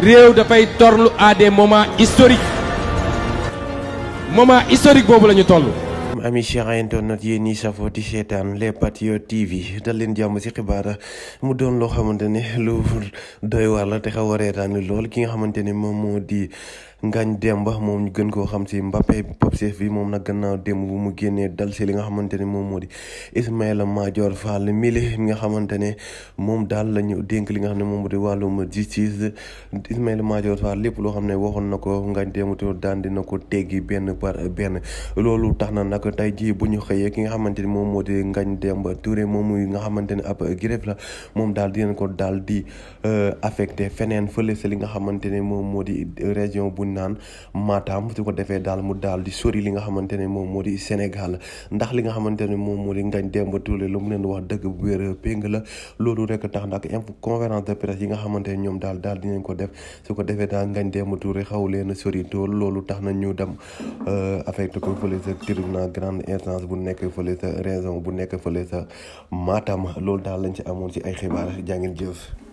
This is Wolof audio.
réew dafay torlu à des moments historiques moment historique boobu la ñu toll ami chers internautes yéen ñi safoo di seetaan les patriotes TV dal leen jàmm ci xibaar mu doon loo xamante ne lu doy waar la te xaw a reetaani lool ki nga xamante ne moom moo di Ngagne Demba moom gën koo xam ci Mbappé Pape moom nag gannaaw démb bu mu génnee dal ci li nga xamante ne moom moo di Ismaïla Madior Fall mili mi nga xamante ne moom daal la ñu li nga xam ne moom moo di wàllum justice Ismaïla Madior Fall lépp loo xam ne waxoon na ko Ngagne Demba daan dina ko teggi benn par loolu tax na nag tey jii bu ñu xëyee ki nga xamante ni moom moo di Ngagne Demba Touré moom muy nga xamante ni ab grève la moom daal dinañ ko daal di euh, affecté feneen fële li nga xamante ne moom moo di région bu naan Matam su ko defee daal mu daal di sori li nga xamante ne moom moo di Sénégal ndax li nga xamante ne moom moo di ngañ Demba Touré lu mu leen wax dëkk bu wér péng la loolu rek tax ndax conférence de presse yi nga xamante ne ñoom daal daal dinañ ko def su ko defee daal Ngagne Demba Touré xaw leen sori tool loolu tax na ñu dem euh, affecté ko fële sa tribunal grande instance bu nekk fole sa raison bu nekk fële sa Matam loolu daal lañ ci amoon ci ay xibaar jaa ngeen